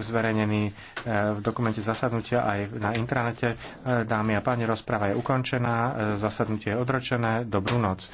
zverejnený e, v dokumente zasadnutia aj na intranete. E, dámy a páni, rozpráva je ukončená, e, zasadnutie je odročené. Dobrú noc.